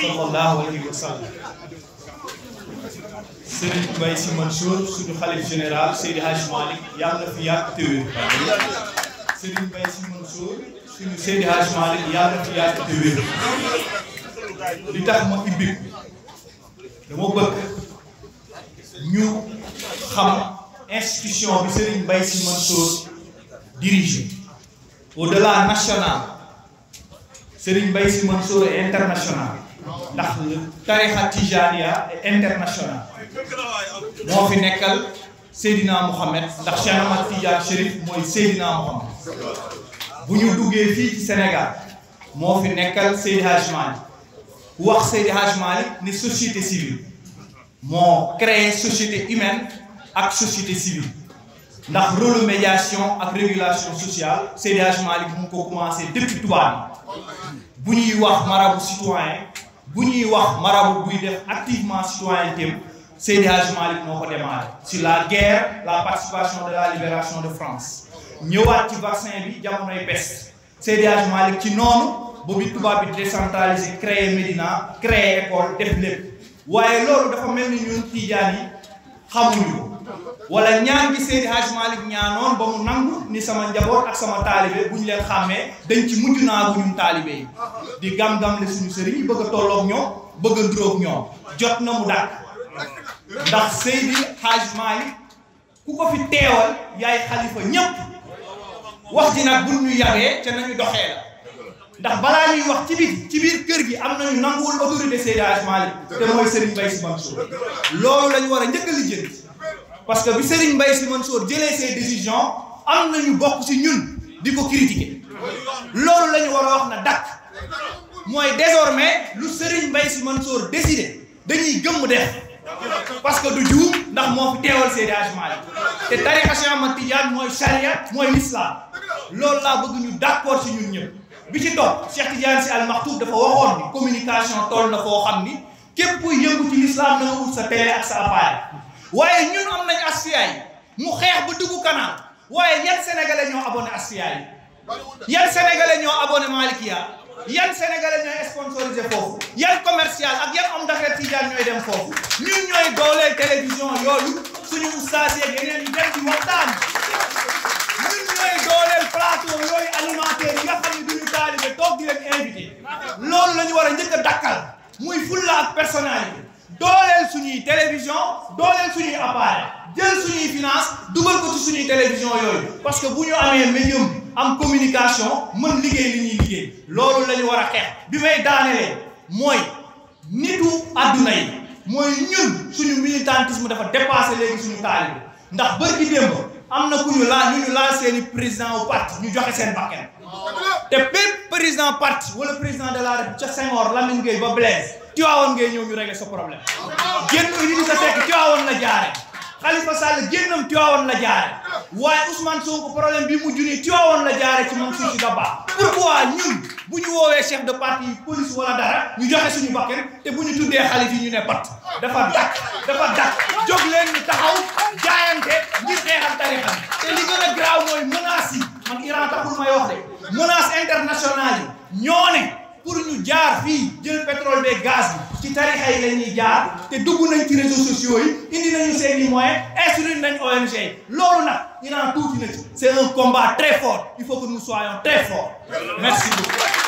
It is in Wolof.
sallallahu alayhi wa sallam Serigne Mbaye Sy Mansour suñu xalif général Seydi Hadj Malick yàlla na fi yàgg téwér Serigne Mbaye Sy Mansour suñu Seydi Hadj Malick yàlla na fi yàgg téwér li tax ma ibbi dama bëgg ñu xam institution bi Serigne Mbaye Sy Mansour dirigé au-delà national Serigne Mbaye Sy Mansour est international ndax tarixa Tijaniya international moo fi nekkal Seydina Mohamed ndax mooy Seydina Mohamed bu ñu duggee fii ci Sénégal moo fi nekkal Seydi Hadj Malick wax Seydi Hadj Malick ni société civile moo créé société humaine ak société civile ndax rôle médiation ak régulation sociale CDH Malick bu mu ko commencé depuis tubaab bi bu ñuy wax marabu citoyen bu ñuy wax marabu buy def activement citoyenneté CDH Malick moo ko démarré sur la guerre la participation de la libération de France ñëwaat ci vaccin bi jamonoy peste CDH Malick ci noonu ba bi tubaab bi décentralisé créé Médina créé école def lépp waaye loolu dafa mel ni ñun tiijaan yi xamuñu wala ñaan gi Seydi Hadj Malick ñaanoon ba mu nangu ni sama njaboot ak sama taalibe bu ñu leen xàmmee dañ ci mujj naa bu ñun taalibe yi di gam-gam le suñu sëriñ yi bëgg a ñoom bëgg a ñoom jot na mu dàkk ndax Seydi Hadj Malick ku ko fi teewal yaay xalifa ñépp wax ji nag buñ ñu yabee ca nañu doxee la ndax balaa ñuy wax ci biir ci biir kër gi am nañu nanguwul autorité Seydi Hadj Malick te mooy Serigne Baye Sy Mansour loolu lañu war a njëkk parce que bi Serigne Mbaye Sy Mansour jëlee ses décisions am na ñu bokk ci ñun di ko critiquer loolu la ñu war na dakk mooy désormais lu Serigne Mbaye Sy Mansour décidé dañuy gëmm def parce que du juum ndax moo fi teewal Seydi Hadji Malick te tariqa Cheikh Ahmad Tidiane mooy charia mooy l'islam loolu laa bëgg ñu d'accord ci ñun ñëpp bi ci topp Cheikh Tidiane Sy Al dafa waxoon ni communication toll na foo xam ni képp kuy yëngu ci l'islam na nga ut sa télé ak sa appareil waaye ñun am nañ asfiya yi mu xeex ba dugg canal waaye yan sénégalais ñoo abonné asfiya yi yan sénégalais ñoo abonné malikia yan sénégalais ñooy sponsorisé foofu yan commercial ak yan am d'affaires tijaan ñooy dem foofu ñun ñooy dooleel télévision yooyu suñu ustaas yeeg yeneen ñu dem di waxtaan ñun ñooy dooleel plateau yooyu alimentaire yi nga xam ne toog di leen invité loolu la ñu war a njëkk a dakkal muy fulla ak personnalité dooleel suñuy télévision dooleel suñuy appareil jël suñuy finance dugal ko ci suñuy télévision yooyu parce que bu ñu amee médium am communication mën liggéey li ñuy liggéey loolu lañu war a xeex bi may daanelee mooy nitu àdduna yi mooy ñun suñu militantisme dafa dépassé léegi suñu taalibe ndax bërki démb am na ku ñu laa ñu ñu laa seeni président wu parti ñu joxe seen bakkan te bépp président parti wala président de la République ca Senghor Lamine Gueye ba Blaise Tiwaawoon ngay ñëw ñu régler sa problème génn Idrissa Seck Tiwaawoon la jaare Khalifa Sall génnam Tiwaawoon la jaare waaye Ousmane Sonko problème bi mujj nii Tiwaawoon la jaare ci Mansour Sy Dabakh pourquoi ñun bu ñu woowee chef de parti police wala dara ñu joxe suñu bakkan te bu ñu tuddee xalif yi ñu ne pat dafa dakk laa wax de internationale yi ñoo ne pour ñu jaar fii jël pétrole beeg gaz bi ci tarixa yi la ñuy jaar te dugg nañ ci réseaux sociaux yi indi nañu seen i moyens instruire nañ ONG yi nag Iran tuuti na ci c'est un combat très fort il faut que nous soyons très forts merci beaucoup